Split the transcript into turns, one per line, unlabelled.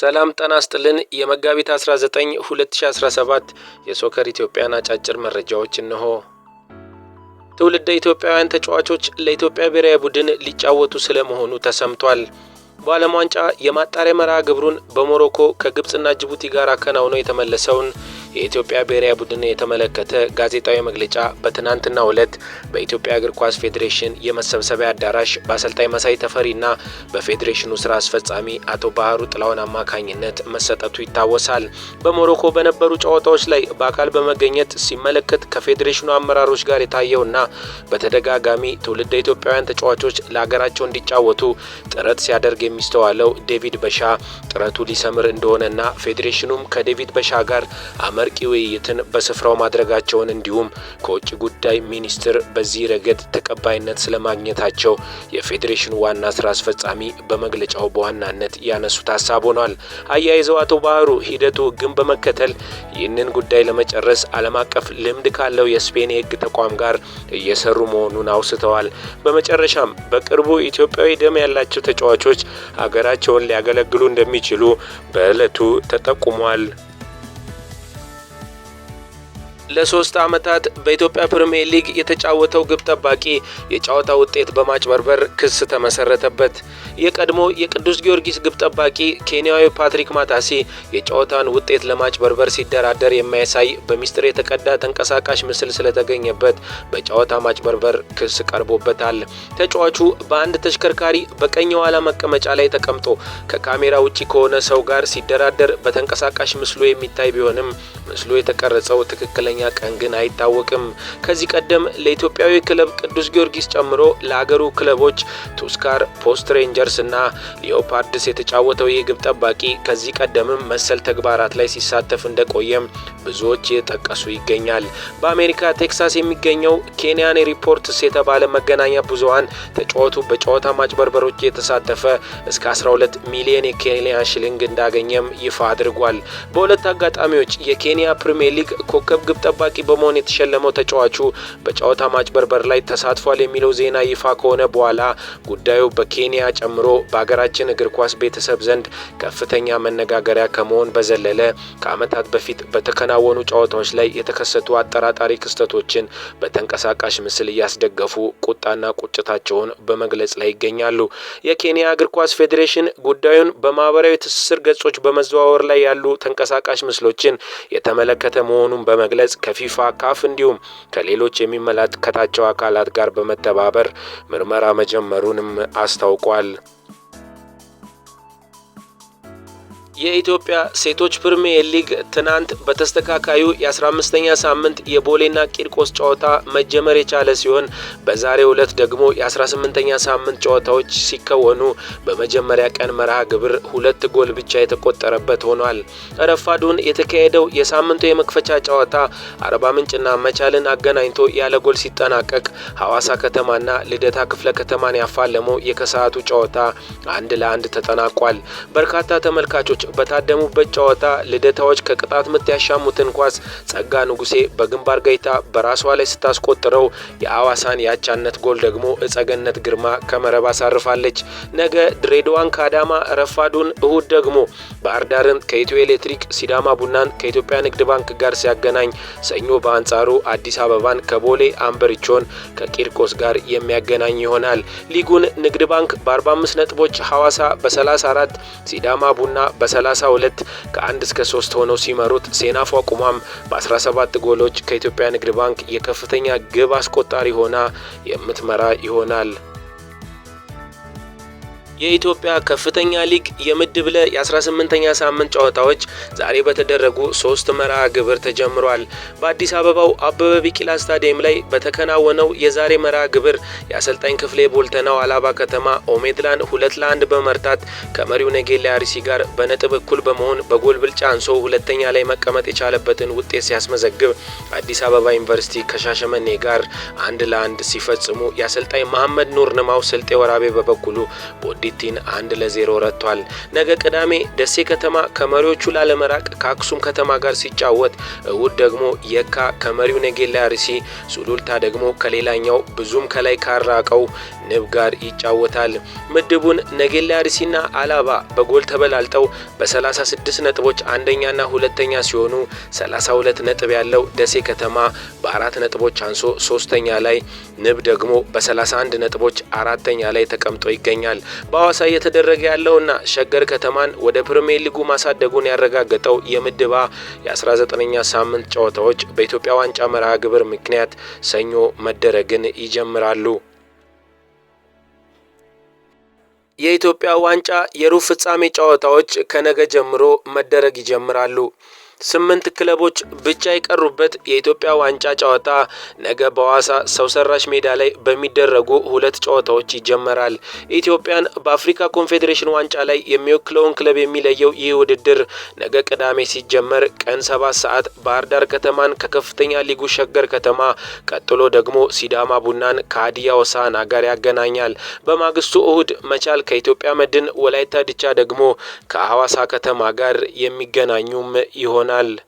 ሰላም ጠና ስጥልን የመጋቢት 19 2017 የሶከር ኢትዮጵያን አጫጭር መረጃዎች እነሆ። ትውልደ ኢትዮጵያውያን ተጫዋቾች ለኢትዮጵያ ብሔራዊ ቡድን ሊጫወቱ ስለመሆኑ ተሰምቷል። በዓለም ዋንጫ የማጣሪያ መርሃ ግብሩን በሞሮኮ ከግብፅና ጅቡቲ ጋር አከናውኖ የተመለሰውን የኢትዮጵያ ብሔራዊ ቡድን የተመለከተ ጋዜጣዊ መግለጫ በትናንትናው ዕለት በኢትዮጵያ እግር ኳስ ፌዴሬሽን የመሰብሰቢያ አዳራሽ በአሰልጣኝ መሳይ ተፈሪና በፌዴሬሽኑ ስራ አስፈጻሚ አቶ ባህሩ ጥላውን አማካኝነት መሰጠቱ ይታወሳል። በሞሮኮ በነበሩ ጨዋታዎች ላይ በአካል በመገኘት ሲመለከት ከፌዴሬሽኑ አመራሮች ጋር የታየውና በተደጋጋሚ ትውልደ ኢትዮጵያውያን ተጫዋቾች ለሀገራቸው እንዲጫወቱ ጥረት ሲያደርግ የሚስተዋለው ዴቪድ በሻ ጥረቱ ሊሰምር እንደሆነና ፌዴሬሽኑም ከዴቪድ በሻ ጋር አመ አመርቂ ውይይትን በስፍራው ማድረጋቸውን እንዲሁም ከውጭ ጉዳይ ሚኒስትር በዚህ ረገድ ተቀባይነት ስለማግኘታቸው የፌዴሬሽኑ ዋና ስራ አስፈጻሚ በመግለጫው በዋናነት ያነሱት ሀሳብ ሆኗል። አያይዘው አቶ ባህሩ ሂደቱ ግን በመከተል ይህንን ጉዳይ ለመጨረስ ዓለም አቀፍ ልምድ ካለው የስፔን የህግ ተቋም ጋር እየሰሩ መሆኑን አውስተዋል። በመጨረሻም በቅርቡ ኢትዮጵያዊ ደም ያላቸው ተጫዋቾች ሀገራቸውን ሊያገለግሉ እንደሚችሉ በዕለቱ ተጠቁሟል። ለሶስት ዓመታት በኢትዮጵያ ፕሪምየር ሊግ የተጫወተው ግብ ጠባቂ የጨዋታ ውጤት በማጭበርበር ክስ ተመሰረተበት። የቀድሞ የቅዱስ ጊዮርጊስ ግብ ጠባቂ ኬንያዊ ፓትሪክ ማታሲ የጨዋታን ውጤት ለማጭበርበር ሲደራደር የሚያሳይ በሚስጥር የተቀዳ ተንቀሳቃሽ ምስል ስለተገኘበት በጨዋታ ማጭበርበር ክስ ቀርቦበታል። ተጫዋቹ በአንድ ተሽከርካሪ በቀኝ የኋላ መቀመጫ ላይ ተቀምጦ ከካሜራ ውጪ ከሆነ ሰው ጋር ሲደራደር በተንቀሳቃሽ ምስሉ የሚታይ ቢሆንም ምስሉ የተቀረጸው ትክክለኛ ትክክለኛ ቀን ግን አይታወቅም። ከዚህ ቀደም ለኢትዮጵያዊ ክለብ ቅዱስ ጊዮርጊስ ጨምሮ ለሀገሩ ክለቦች ቱስካር፣ ፖስት ሬንጀርስ እና ሊዮፓርድስ የተጫወተው ይህ ግብ ጠባቂ ከዚህ ቀደምም መሰል ተግባራት ላይ ሲሳተፍ እንደቆየም ብዙዎች እየጠቀሱ ይገኛል። በአሜሪካ ቴክሳስ የሚገኘው ኬንያን ሪፖርትስ የተባለ መገናኛ ብዙሃን ተጫወቱ በጨዋታ ማጭበርበሮች የተሳተፈ እስከ 12 ሚሊዮን የኬንያ ሽልንግ እንዳገኘም ይፋ አድርጓል። በሁለት አጋጣሚዎች የኬንያ ፕሪምየር ሊግ ኮከብ ግብ ጠባቂ በመሆን የተሸለመው ተጫዋቹ በጨዋታ ማጭበርበር ላይ ተሳትፏል የሚለው ዜና ይፋ ከሆነ በኋላ ጉዳዩ በኬንያ ጨምሮ በሀገራችን እግር ኳስ ቤተሰብ ዘንድ ከፍተኛ መነጋገሪያ ከመሆን በዘለለ ከዓመታት በፊት በተከናወኑ ጨዋታዎች ላይ የተከሰቱ አጠራጣሪ ክስተቶችን በተንቀሳቃሽ ምስል እያስደገፉ ቁጣና ቁጭታቸውን በመግለጽ ላይ ይገኛሉ። የኬንያ እግር ኳስ ፌዴሬሽን ጉዳዩን በማህበራዊ ትስስር ገጾች በመዘዋወር ላይ ያሉ ተንቀሳቃሽ ምስሎችን የተመለከተ መሆኑን በመግለጽ ከፊፋ ካፍ እንዲሁም ከሌሎች የሚመለከታቸው አካላት ጋር በመተባበር ምርመራ መጀመሩንም አስታውቋል። የኢትዮጵያ ሴቶች ፕሪሚየር ሊግ ትናንት በተስተካካዩ የ15ኛ ሳምንት የቦሌና ቂርቆስ ጨዋታ መጀመር የቻለ ሲሆን በዛሬው ዕለት ደግሞ የ18ኛ ሳምንት ጨዋታዎች ሲከወኑ በመጀመሪያ ቀን መርሃ ግብር ሁለት ጎል ብቻ የተቆጠረበት ሆኗል። ረፋዱን የተካሄደው የሳምንቱ የመክፈቻ ጨዋታ አርባ ምንጭና መቻልን አገናኝቶ ያለ ጎል ሲጠናቀቅ ሐዋሳ ከተማና ልደታ ክፍለ ከተማን ያፋለመው የከሰዓቱ ጨዋታ አንድ ለአንድ ተጠናቋል። በርካታ ተመልካቾች በታደሙበት ጨዋታ ልደታዎች ከቅጣት ምት ያሻሙትን ኳስ ጸጋ ንጉሴ በግንባር ጋይታ በራሷ ላይ ስታስቆጥረው የአዋሳን የአቻነት ጎል ደግሞ እጸገነት ግርማ ከመረብ አሳርፋለች። ነገ ድሬዳዋን ከአዳማ ረፋዱን፣ እሁድ ደግሞ ባህር ዳርን ከኢትዮ ኤሌክትሪክ፣ ሲዳማ ቡናን ከኢትዮጵያ ንግድ ባንክ ጋር ሲያገናኝ፣ ሰኞ በአንጻሩ አዲስ አበባን ከቦሌ አንበሪቾን ከቂርቆስ ጋር የሚያገናኝ ይሆናል። ሊጉን ንግድ ባንክ በ45 ነጥቦች፣ ሐዋሳ በ34፣ ሲዳማ ቡና በ 32 ከ1 እስከ 3 ሆነው ሲመሩት ሴናፏ ቁማም በ17 ጎሎች ከኢትዮጵያ ንግድ ባንክ የከፍተኛ ግብ አስቆጣሪ ሆና የምትመራ ይሆናል። የኢትዮጵያ ከፍተኛ ሊግ የምድብ ለ የ18ኛ ሳምንት ጨዋታዎች ዛሬ በተደረጉ ሶስት መርሃ ግብር ተጀምሯል። በአዲስ አበባው አበበ ቢቂላ ስታዲየም ላይ በተከናወነው የዛሬ መርሃ ግብር የአሰልጣኝ ክፍሌ ቦልተናው አላባ ከተማ ኦሜድላን ሁለት ለአንድ በመርታት ከመሪው ነጌሌ አርሲ ጋር በነጥብ እኩል በመሆን በጎል ጫንሶ ሁለተኛ ላይ መቀመጥ የቻለበትን ውጤት ሲያስመዘግብ አዲስ አበባ ዩኒቨርሲቲ ከሻሸመኔ ጋር አንድ ለአንድ ሲፈጽሙ የአሰልጣኝ መሐመድ ኑር ንማው ስልጤ ወራቤ በበኩሉ ቦዲቲን አንድ ለዜሮ ረቷል። ነገ ቅዳሜ ደሴ ከተማ ከመሪዎቹ ላለመራቅ ከአክሱም ከተማ ጋር ሲጫወት፣ እሁድ ደግሞ የካ ከመሪው ነጌላ አርሲ፣ ሱሉልታ ደግሞ ከሌላኛው ብዙም ከላይ ካራቀው ንብ ጋር ይጫወታል። ምድቡን ነጌላ አርሲና አላባ በጎል ተበላልጠው በ36 ነጥቦች አንደኛና ሁለተኛ ሲሆኑ 32 ነጥብ ያለው ደሴ ከተማ በአራት ነጥቦች አንሶ ሶስተኛ ላይ፣ ንብ ደግሞ በ31 ነጥቦች አራተኛ ላይ ተቀምጦ ይገኛል። በሐዋሳ እየተደረገ ያለውና ሸገር ከተማን ወደ ፕሪሚየር ሊጉ ማሳደጉን ያረጋገጠው የምድባ የ19ኛ ሳምንት ጨዋታዎች በኢትዮጵያ ዋንጫ መርሃ ግብር ምክንያት ሰኞ መደረግን ይጀምራሉ። የኢትዮጵያ ዋንጫ የሩብ ፍጻሜ ጨዋታዎች ከነገ ጀምሮ መደረግ ይጀምራሉ ስምንት ክለቦች ብቻ የቀሩበት የኢትዮጵያ ዋንጫ ጨዋታ ነገ በሐዋሳ ሰው ሰራሽ ሜዳ ላይ በሚደረጉ ሁለት ጨዋታዎች ይጀመራል። ኢትዮጵያን በአፍሪካ ኮንፌዴሬሽን ዋንጫ ላይ የሚወክለውን ክለብ የሚለየው ይህ ውድድር ነገ ቅዳሜ ሲጀመር ቀን ሰባት ሰዓት ባህር ዳር ከተማን ከከፍተኛ ሊጉ ሸገር ከተማ ቀጥሎ ደግሞ ሲዳማ ቡናን ከሀዲያ ሆሳዕና ጋር ያገናኛል። በማግስቱ እሁድ መቻል ከኢትዮጵያ መድን፣ ወላይታ ድቻ ደግሞ ከሐዋሳ ከተማ ጋር የሚገናኙም ይሆናል። ஆனால்